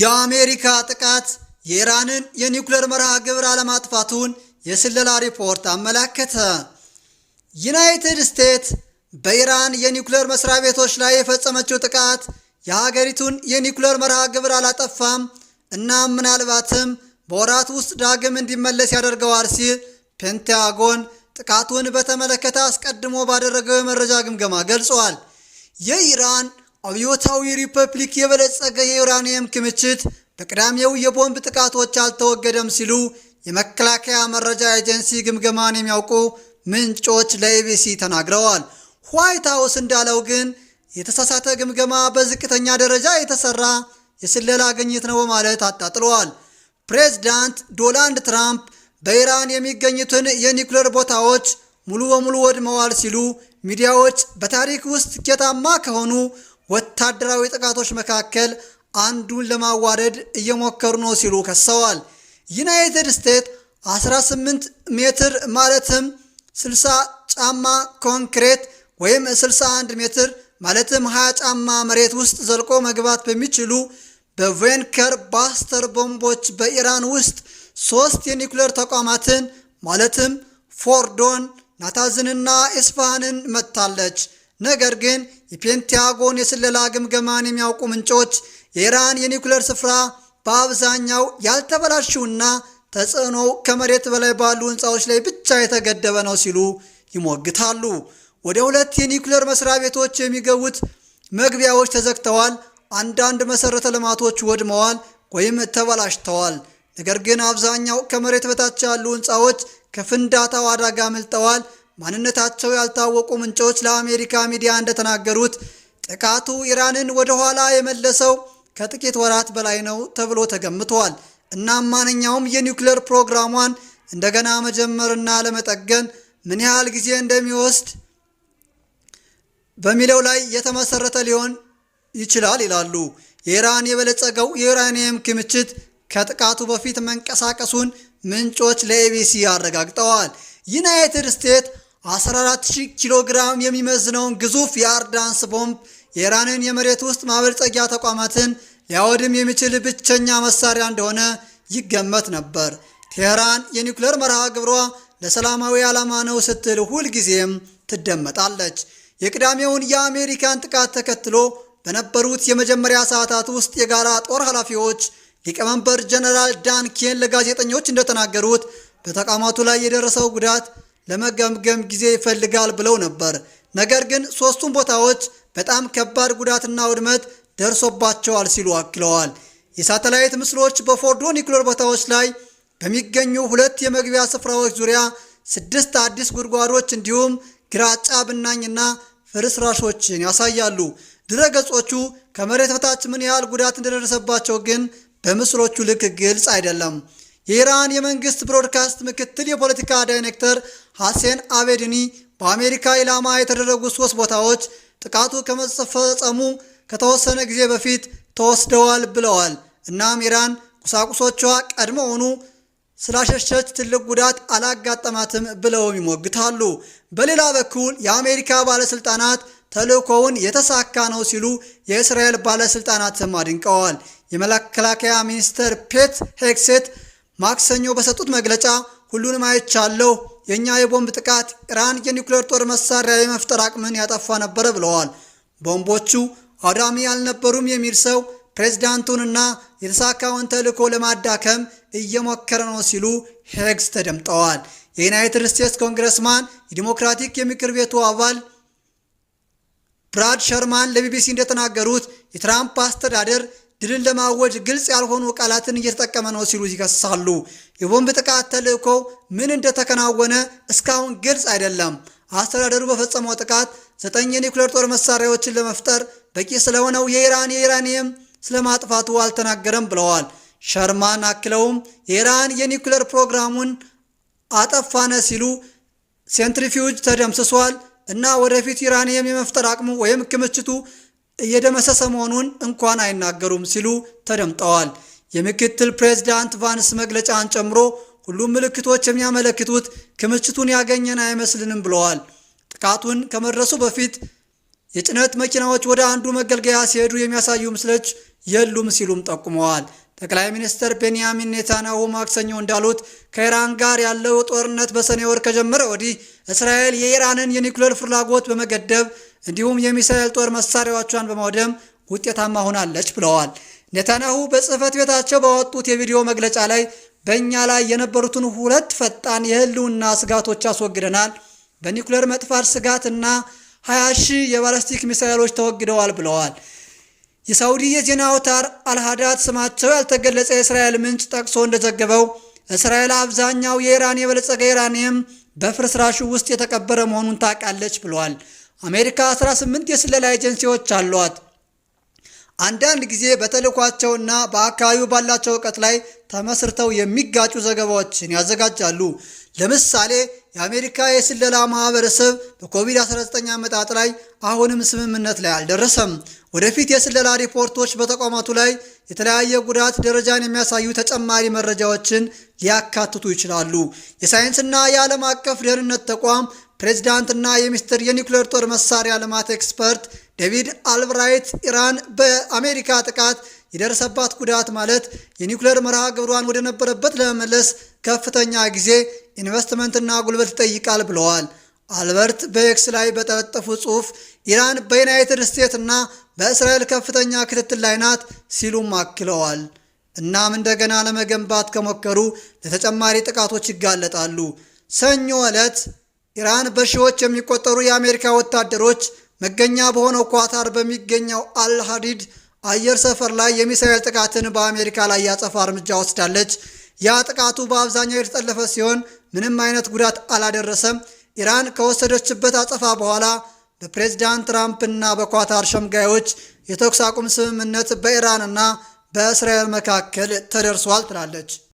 የአሜሪካ ጥቃት የኢራንን የኒውክሌር መርሃ ግብር አለማጥፋቱን የስለላ ሪፖርት አመላከተ። ዩናይትድ ስቴትስ በኢራን የኒውክሌር መስሪያ ቤቶች ላይ የፈጸመችው ጥቃት የሀገሪቱን የኒውክሌር መርሃ ግብር አላጠፋም እና ምናልባትም በወራት ውስጥ ዳግም እንዲመለስ ያደርገዋል ሲል ፔንታጎን ጥቃቱን በተመለከተ አስቀድሞ ባደረገው የመረጃ ግምገማ ገልጿል። የኢራን አብዮታዊ ሪፐብሊክ የበለጸገ የዩራኒየም ክምችት በቅዳሜው የቦምብ ጥቃቶች አልተወገደም ሲሉ የመከላከያ መረጃ ኤጀንሲ ግምገማን የሚያውቁ ምንጮች ለኤቢሲ ተናግረዋል። ዋይት ሀውስ እንዳለው ግን የተሳሳተ ግምገማ በዝቅተኛ ደረጃ የተሰራ የስለላ ግኝት ነው በማለት አጣጥለዋል። ፕሬዚዳንት ዶናልድ ትራምፕ በኢራን የሚገኙትን የኒውክሌር ቦታዎች ሙሉ በሙሉ ወድመዋል ሲሉ ሚዲያዎች በታሪክ ውስጥ ስኬታማ ከሆኑ ወታደራዊ ጥቃቶች መካከል አንዱን ለማዋረድ እየሞከሩ ነው ሲሉ ከሰዋል። ዩናይትድ ስቴትስ 18 ሜትር ማለትም 60 ጫማ ኮንክሬት ወይም 61 ሜትር ማለትም 20 ጫማ መሬት ውስጥ ዘልቆ መግባት በሚችሉ በቬንከር ባስተር ቦምቦች በኢራን ውስጥ ሶስት የኒኩሌር ተቋማትን ማለትም ፎርዶን፣ ናታዝንና ኢስፋሃንን መታለች። ነገር ግን የፔንታጎን የስለላ ግምገማን የሚያውቁ ምንጮች የኢራን የኒውክሌር ስፍራ በአብዛኛው ያልተበላሹና ተጽዕኖ ከመሬት በላይ ባሉ ሕንፃዎች ላይ ብቻ የተገደበ ነው ሲሉ ይሞግታሉ። ወደ ሁለት የኒውክሌር መስሪያ ቤቶች የሚገቡት መግቢያዎች ተዘግተዋል። አንዳንድ መሠረተ ልማቶች ወድመዋል ወይም ተበላሽተዋል። ነገር ግን አብዛኛው ከመሬት በታች ያሉ ሕንፃዎች ከፍንዳታው አደጋ አምልጠዋል። ማንነታቸው ያልታወቁ ምንጮች ለአሜሪካ ሚዲያ እንደተናገሩት ጥቃቱ ኢራንን ወደ ኋላ የመለሰው ከጥቂት ወራት በላይ ነው ተብሎ ተገምቷል። እናም ማንኛውም የኒውክሌር ፕሮግራሟን እንደገና መጀመርና ለመጠገን ምን ያህል ጊዜ እንደሚወስድ በሚለው ላይ የተመሰረተ ሊሆን ይችላል ይላሉ። የኢራን የበለጸገው የዩራኒየም ክምችት ከጥቃቱ በፊት መንቀሳቀሱን ምንጮች ለኤቢሲ አረጋግጠዋል። ዩናይትድ ስቴትስ 14000 ኪሎ ግራም የሚመዝነውን ግዙፍ የአርዳንስ ቦምብ የኢራንን የመሬት ውስጥ ማበልጸጊያ ተቋማትን ሊያወድም የሚችል ብቸኛ መሳሪያ እንደሆነ ይገመት ነበር። ቴህራን የኒውክሌር መርሃ ግብሯ ለሰላማዊ ዓላማ ነው ስትል ሁልጊዜም ትደመጣለች። የቅዳሜውን የአሜሪካን ጥቃት ተከትሎ በነበሩት የመጀመሪያ ሰዓታት ውስጥ የጋራ ጦር ኃላፊዎች ሊቀመንበር ጀነራል ዳን ኬን ለጋዜጠኞች እንደተናገሩት በተቋማቱ ላይ የደረሰው ጉዳት ለመገምገም ጊዜ ይፈልጋል ብለው ነበር። ነገር ግን ሦስቱም ቦታዎች በጣም ከባድ ጉዳትና ውድመት ደርሶባቸዋል ሲሉ አክለዋል። የሳተላይት ምስሎች በፎርዶ ኒኩለር ቦታዎች ላይ በሚገኙ ሁለት የመግቢያ ስፍራዎች ዙሪያ ስድስት አዲስ ጉድጓዶች እንዲሁም ግራጫ ብናኝና ፍርስራሾችን ያሳያሉ። ድረገጾቹ ከመሬት በታች ምን ያህል ጉዳት እንደደረሰባቸው ግን በምስሎቹ ልክ ግልጽ አይደለም። የኢራን የመንግስት ብሮድካስት ምክትል የፖለቲካ ዳይሬክተር ሐሴን አቤድኒ በአሜሪካ ኢላማ የተደረጉ ሶስት ቦታዎች ጥቃቱ ከመፈጸሙ ከተወሰነ ጊዜ በፊት ተወስደዋል ብለዋል። እናም ኢራን ቁሳቁሶቿ ቀድሞውኑ ስላሸሸች ትልቅ ጉዳት አላጋጠማትም ብለውም ይሞግታሉ። በሌላ በኩል የአሜሪካ ባለስልጣናት ተልእኮውን የተሳካ ነው ሲሉ የእስራኤል ባለስልጣናትም አድንቀዋል። የመከላከያ ሚኒስትር ፔት ሄግሴት ማክሰኞ በሰጡት መግለጫ ሁሉንም አይቻለሁ፣ የእኛ የቦምብ ጥቃት ኢራን የኒውክሌር ጦር መሳሪያ የመፍጠር አቅምን ያጠፋ ነበረ ብለዋል። ቦምቦቹ አውዳሚ አልነበሩም የሚል ሰው ፕሬዝዳንቱንና የተሳካውን ተልዕኮ ለማዳከም እየሞከረ ነው ሲሉ ሄግስ ተደምጠዋል። የዩናይትድ ስቴትስ ኮንግረስማን የዲሞክራቲክ የምክር ቤቱ አባል ብራድ ሸርማን ለቢቢሲ እንደተናገሩት የትራምፕ አስተዳደር ድልን ለማወጅ ግልጽ ያልሆኑ ቃላትን እየተጠቀመ ነው ሲሉ ይከሳሉ። የቦምብ ጥቃት ተልእኮ ምን እንደተከናወነ እስካሁን ግልጽ አይደለም። አስተዳደሩ በፈጸመው ጥቃት ዘጠኝ የኒኩሌር ጦር መሳሪያዎችን ለመፍጠር በቂ ስለሆነው የኢራን የኢራኒየም ስለማጥፋቱ አልተናገረም ብለዋል። ሸርማን አክለውም የኢራን የኒኩሌር ፕሮግራሙን አጠፋነ ሲሉ ሴንትሪፊውጅ ተደምስሷል እና ወደፊት ኢራኒየም የመፍጠር አቅሙ ወይም ክምችቱ እየደመሰሰ መሆኑን እንኳን አይናገሩም ሲሉ ተደምጠዋል። የምክትል ፕሬዚዳንት ቫንስ መግለጫን ጨምሮ ሁሉም ምልክቶች የሚያመለክቱት ክምችቱን ያገኘን አይመስልንም ብለዋል። ጥቃቱን ከመድረሱ በፊት የጭነት መኪናዎች ወደ አንዱ መገልገያ ሲሄዱ የሚያሳዩ ምስሎች የሉም ሲሉም ጠቁመዋል። ጠቅላይ ሚኒስትር ቤንያሚን ኔታንያሁ ማክሰኞ እንዳሉት ከኢራን ጋር ያለው ጦርነት በሰኔ ወር ከጀመረ ወዲህ እስራኤል የኢራንን የኒውክሌር ፍላጎት በመገደብ እንዲሁም የሚሳኤል ጦር መሳሪያዎቿን በማውደም ውጤታማ ሆናለች ብለዋል። ኔታንያሁ በጽህፈት ቤታቸው ባወጡት የቪዲዮ መግለጫ ላይ በእኛ ላይ የነበሩትን ሁለት ፈጣን የህልውና ስጋቶች አስወግደናል፣ በኒኩሌር መጥፋት ስጋት እና 20 ሺህ የባለስቲክ ሚሳይሎች ተወግደዋል ብለዋል። የሳውዲ የዜና አውታር አልሃዳት ስማቸው ያልተገለጸ የእስራኤል ምንጭ ጠቅሶ እንደዘገበው እስራኤል አብዛኛው የኢራን የበለጸገ ኢራንየም በፍርስራሹ ውስጥ የተቀበረ መሆኑን ታውቃለች ብለዋል። አሜሪካ 18 የስለላ ኤጀንሲዎች አሏት። አንዳንድ ጊዜ በተልኳቸውና በአካባቢው ባላቸው እውቀት ላይ ተመስርተው የሚጋጩ ዘገባዎችን ያዘጋጃሉ። ለምሳሌ የአሜሪካ የስለላ ማህበረሰብ በኮቪድ-19 አመጣጥ ላይ አሁንም ስምምነት ላይ አልደረሰም። ወደፊት የስለላ ሪፖርቶች በተቋማቱ ላይ የተለያየ ጉዳት ደረጃን የሚያሳዩ ተጨማሪ መረጃዎችን ሊያካትቱ ይችላሉ። የሳይንስና የዓለም አቀፍ ደህንነት ተቋም ፕሬዚዳንትና የሚኒስትር የኒውክሌር ጦር መሳሪያ ልማት ኤክስፐርት ዴቪድ አልብራይት ኢራን በአሜሪካ ጥቃት የደረሰባት ጉዳት ማለት የኒውክሌር መርሃ ግብሯን ወደነበረበት ለመመለስ ከፍተኛ ጊዜ ኢንቨስትመንትና ጉልበት ይጠይቃል ብለዋል። አልበርት በኤክስ ላይ በጠለጠፉ ጽሑፍ ኢራን በዩናይትድ ስቴትስ እና በእስራኤል ከፍተኛ ክትትል ላይ ናት ሲሉም አክለዋል። እናም እንደገና ለመገንባት ከሞከሩ ለተጨማሪ ጥቃቶች ይጋለጣሉ። ሰኞ ዕለት ኢራን በሺዎች የሚቆጠሩ የአሜሪካ ወታደሮች መገኛ በሆነው ኳታር በሚገኘው አልሃዲድ አየር ሰፈር ላይ የሚሳኤል ጥቃትን በአሜሪካ ላይ ያጸፋ እርምጃ ወስዳለች። ያ ጥቃቱ በአብዛኛው የተጠለፈ ሲሆን ምንም አይነት ጉዳት አላደረሰም። ኢራን ከወሰደችበት አጸፋ በኋላ በፕሬዝዳንት ትራምፕ እና በኳታር ሸምጋዮች የተኩስ አቁም ስምምነት በኢራንና በእስራኤል መካከል ተደርሷል ትላለች።